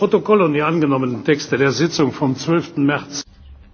Protokoll und die angenommenen Texte der Sitzung vom 12. März